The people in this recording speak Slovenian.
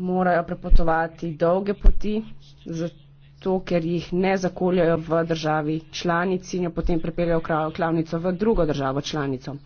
morajo prepotovati dolge poti, zato ker jih ne zakoljajo v državi članici in jo potem prepeljajo v klavnico v drugo državo članico.